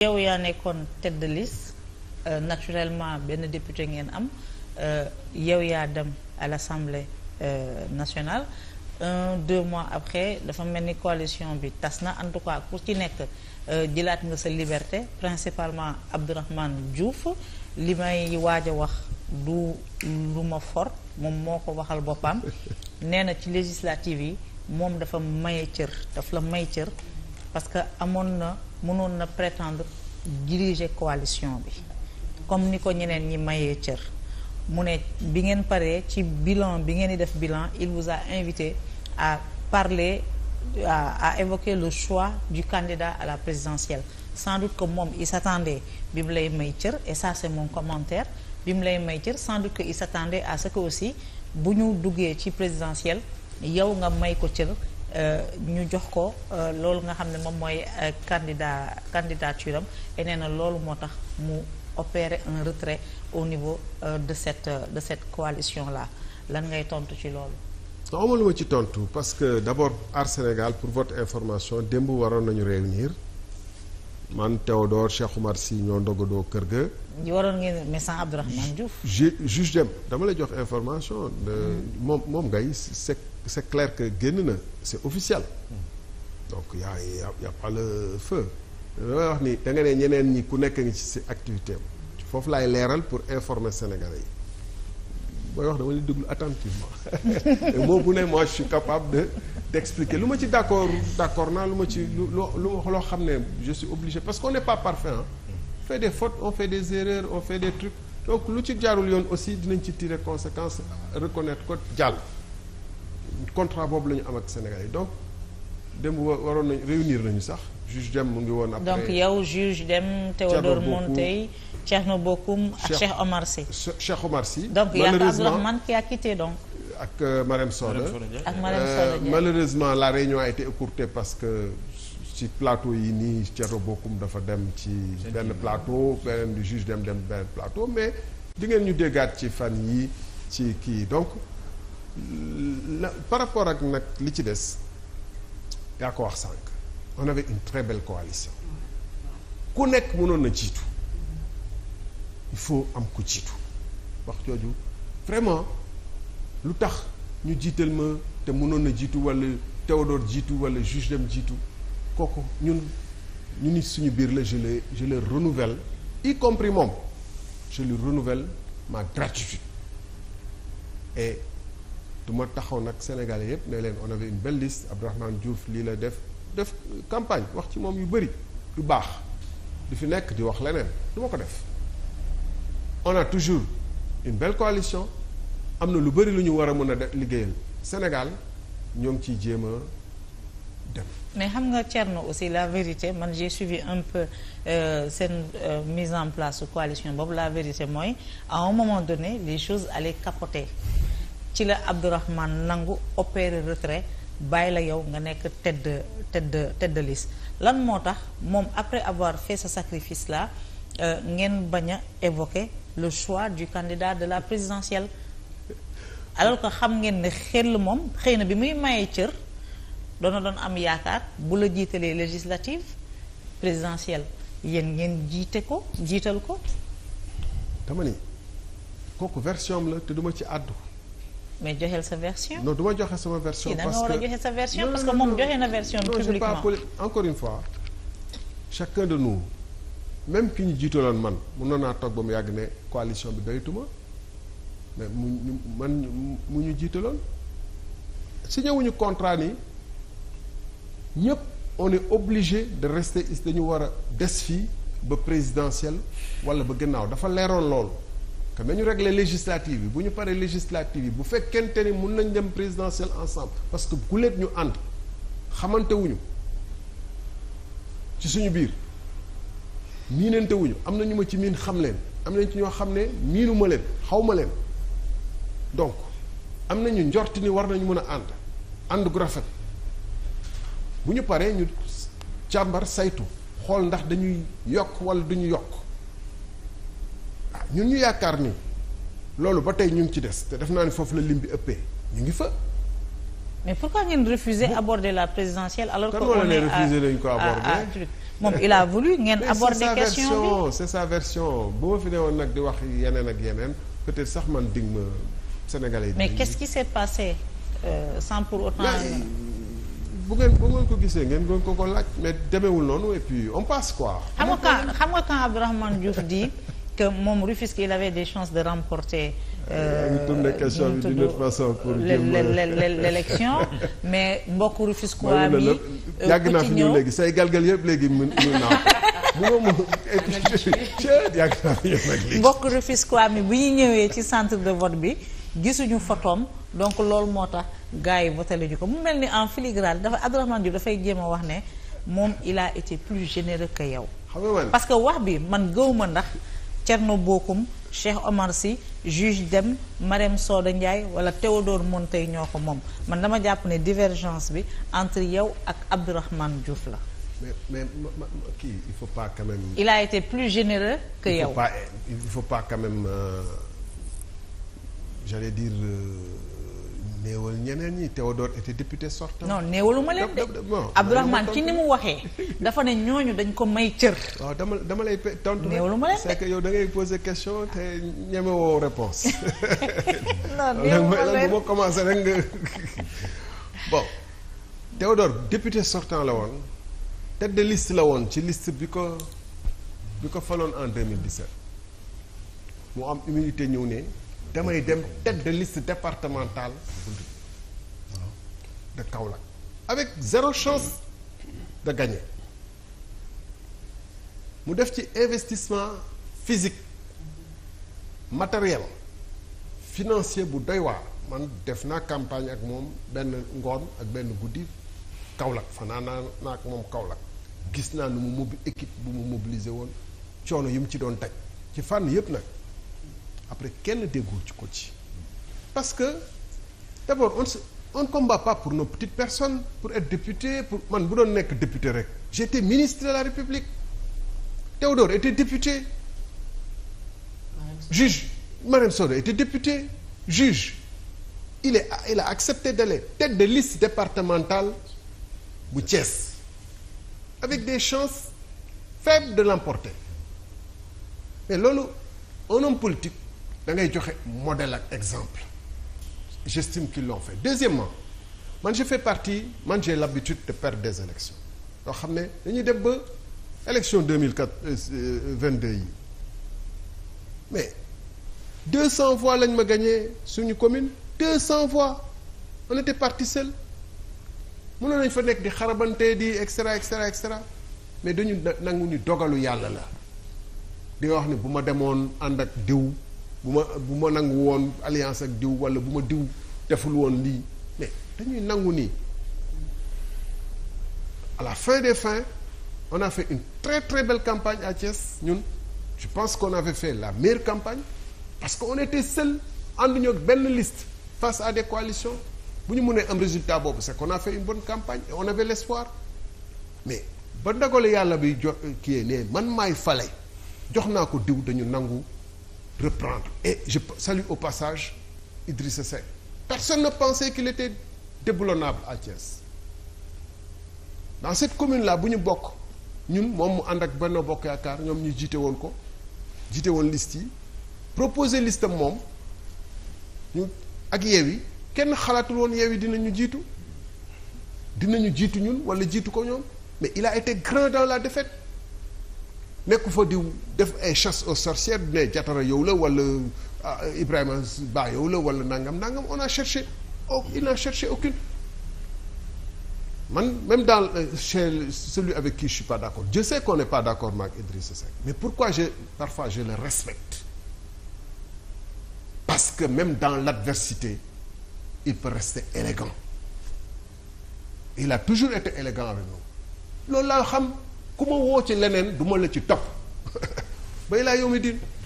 yow yaa nekkoon tête de liste euh, naturellement benn député ngeen am euh, yow yaa dem à l'Assemblée euh, nationale un deux mois après dafa mel ni coalition bi tas na en tout cas ku ci nekk jëlaat nga sa liberté principalement Abdourahmane Diouf li may waaj a wax du lu ma moom moo ko waxal boppam nee na ci législative yi moom dafa maye cër daf may cër amoon na mënoon na prétendre diriger coalition bi comme ni ko ñeneen ñi mayee cër mu ne bi ngeen paree ci bilan bi ngeen di def bilan il vous a invité à parle à, à évoquer lu choix du candidat à la présidentielle sans doute que moom il s'attendait bi mu lay may cër et ça c'est mon commentaire bi mu lay may cër sans doute que il s'attendait à ce que aussi bu ñu duggee ci présidentielle yow nga may ko cër Euh, ñu jox ko euh, loolu nga xam ne moom mooy euh, candidat candidature am et na loolu moo tax mu opérer un retrait au niveau de cette de cette coalition là lan ngay tontu ci loolu. non ma ci tontu parce que d' abord Aar Sénégal pour votre information démb waroon nañu réunir. man Théodore Cheikh Oumar Sy ñoo ndogandoo kër ga. ñu waroon ngeen mais sans ju juge dem dama lay jox information. moom moom ngay c' est c' génn na c' est officiel. donc y' a y' a pas le feu. damay wax ni da ne ñeneen ñi ku nekk ngi ci si activité foofu laay leeral pour informer sénégal yi. may wax dama leen déglu attentivement moo bu ne moi je suis capable de d'expliquer lu ma ci d'accord d'accord naa lu ma ci lu loo loo xam ne je suis obligé parce qu'on ne pas parfait hein on fait des fautes on fait des erreurs on fait des trucs donc lu ci jaarul yoon aussi dinañ ci tirer conséquence reconnaître ko jàll contrat boobu lañu am ak Sénégal yi démb waroon nañu réunir nañu sax juge Deme mu ngi woon. après donc yow juge Deme Théodore Monteil Thierno Bocoum ak Cheikh Omar Sy. Cheikh Omar Sy. donc y a Abdourahmane qui a quitté donc. ak euh, Marème Soda ak Marème euh, la réunion a parce que ci plateau yi nii Thierno Bocoum dafa dem ci. benn plateau beneen du dem dem benn plateau mais di ngeen ñu déggaat ci fan yi ci kii donc par rapport ak nag li ci des. yaa ko wax sànq on avait une très belle coalition ku nekk mënoon na jiitu il faut am ku jiitu wax jooju vraiment lu tax ñu jiital ma te mënoon na jiitu walla Théodore jiitu wala juge dem jiitu kooku ñun ñu ni suñu biir la je le je le renouvelle y compris moom je renouvelle ma gratitude du ma taxaw nag Sénégalais yëpp ne leen on avait une belle liste Abdourahmane Diouf lii la def def campagne wax ci moom yu bëri yu baax di fi nekk di wax leneen du ko def on a toujours une belle coalition am na lu bëri lu ñu war a mën a def liggéeyal Sénégal ñoo ngi ciy jéem a dem. mais xam nga Thierno aussi la vérité man j'ai suivi un peu euh, seen euh, mise en place coalition boobu la vérité mooy à un moment donné les choses allaient capoter. ci la Abdourahmane nangu opéré retrait bàyyi la yow nga nekk tête de tête lan moo tax moom après avoir fait ce sacrifice là euh, ngeen bañ a évoquer le choix du candidat de la présidentielle alors que xam ngeen ne xel moom xëy na bi muy mayee cër doona doon am yaakaar bu la jiitalee législative présidentielle yéen ngeen jiite ko jiital ko dama ni kooku version la te duma ci àddu mais joxeel sa version. non du ma joxe sama version. parce que da nga war a joxe sa version parce que moom joxe na version. publiquement non encore une fois. chacun de nous même ki ñu jiitaloon man mënoon naa toog ba mu yàgg ne coalition bi doyatuma mais mu man mu ñu jiitaloon signé wuñu contrat ni ñëpp on est obligé de rester dañu war a des fii ba présidentielle wala ba gannaaw dafa leeroon loolu. te nañu régler législative bi bu ñu paree législative yi bu fekkente ni mun nañ dem présidentiel ensemble parce que guleet ñu ànd xamantewuñu ci suñu biir miinante am na ñu ma ci miin xam leen am nañ ci ñoo xam ne miinuma leen xaw ma leen donc am nañu njort ni war nañu mën a ànd ànd gu rafet bu ñu paree ñu càmbar saytu xool ndax dañuy yokk wala duñu yokk ñun ñu yaakaar ni loolu ba tey ñu ngi ci des te def naa ni foofu la lim bi ëppee ñu ngi fa. mais pourquoi ngeen refuser bon. aborder la présidentielle alors que on est à moom il a voulu ngeen aborder question bi c'est sa version bu ma fi ne woon nag di wax yeneen ak yeneen peut-être sax man dig ma sénégalais. mais qu'est-ce qui s'est passé euh, sans pour autant. bu ngeen bu ngeen ko gisee ngeen ko ko laaj mais demeewul noonu et puis on passe quoi. xam nga quand xam nga quand Abdourahmane Diouf que moom Rufisque il avait de remporter. ñu tourné question bi d'une autre mais mbokk Rufisquois bi. yàgg naa fi ñëw léegi yëpp léegi mën naa ko mënoo yàgg naa fi ñëw bu ñu ñëwee ci centre de vote bi e gisuñu photom donc loolu moo tax gars yi voté lañu ko mu mel ni en filigrane dafa Abdourahmane Diouf dafay jéem a wax ne moom il a été plus généreux que yow. parce wax bi man gëw ndax. Thierno Bocoum Cheikh Omar Sy juge dem Marème Soda Ndiaye wala Théodore Montey ñoo ko moom man dama jàpp ne divergence bi entre yow ak Abdourahmane Diouf la. mais mais kii il faut pas quand a été plus généreux que yow. il faut pas il faut pas néewal ñeneen ñi Théodore était député sortant. non néewaluma leen de Abdourahmane ci ni mu waxee dafa ne ñooñu dañ ko may cër. waaw dama dama lay tontu. néewaluma leen de c'est yow da ngay poser question te ñemewoo réponse non néewaluma leen bu commencé rek nga bon Théodore député sortant la woon tête de liste la woon ci liste bi ko bi ko faloon en 2017 mu am humilité ñëw ne. damay dem tête de liste départementale de Kaolack avec zéro chance de gagner mu def ci investissement physique matériel financier bu doy waar man def naa campagne ak moom benn ngoon ak benn guddi Kaolack fanaan naa ak moom Kaolack gis naa ni mu mobi équipe bu mu mobiliser woon coono yi mu ci doon taj ci fànn yépp nag après kenn déggoo ci ko ci parce que d'abord on se on combat pas pour nos petites personnes pour être député pour man bu doon nekk député rek j'étais ministre de la République Théodore était député juge Mariam Soda était député juge il est il a accepté d'aller tête de liste départementale bu Thiès avec des chances faibles de l'emporter mais loolu un homme politique da ngay joxe modèle ak exemple j'estime qu'ils l'ont fait deuxièmement man je fais partie man j'ai l'habitude de perdre des élections loo xam ne dañuy dem ba élection deux mille quatre euh, euh, vingt deux yi mais deux cent voix lañ ma gagné suñu commune deux cent voix on était parti seul mënoon nañ fa nekk di xarabante di et cetera et cetera mais dañu nangu ñu dogalu yàlla la di nga wax ne bu ma demoon ànd ak diw bu ma bu ma nangu woon alliance ak diw wala bu ma diw deful woon lii mais dañuy nangu nii à la fin des fins on a fait une très très belle campagne à Thiès ñun je pense qu'on avait fait la meilleure campagne parce qu'on était seul ànduñu ak benn liste face à des coalitions bu ñu mënee am résultat boobu c'est qu'on a fait une bonne campagne et a avait l'espoir mais ba ndagale yàlla bi jox kii ne man maay fale jox naa ko diw dañu nangu reprendre. Et je salue au passage Idrissa Seck. Personne ne pensait qu'il était déboulonnable à Thiès. Dans cette commune-là bu ñu bokk ñun moom mu ànd ak Benno Bokk Yaakaar ñoom ñu jiite woon ko jiite woon list yi proposer liste moom ñu ak yi kenn xalaatul woon Yewwi dinañu jiitu dinañu jiitu ñun wala jiitu ko ñoom mais il a été grand dans la défaite. nekku fa di def ay chasse aux sorcières ne jatara yow la wala ah, Ibrahima Ba yow la wala nangam nangam on a cherché oh il n'a cherché aucune man même dans euh, chez celui avec qui je suis pas d'accord je sais qu'on n'est pas d'accord maak Idrissa Seck mais pourquoi je parfois je le respecte parce que même dans l'adversité il peut rester élégant il a toujours été élégant avec nous loolu laa xam ku ma woo ci leneen duma la ci topp bay laa yow mi din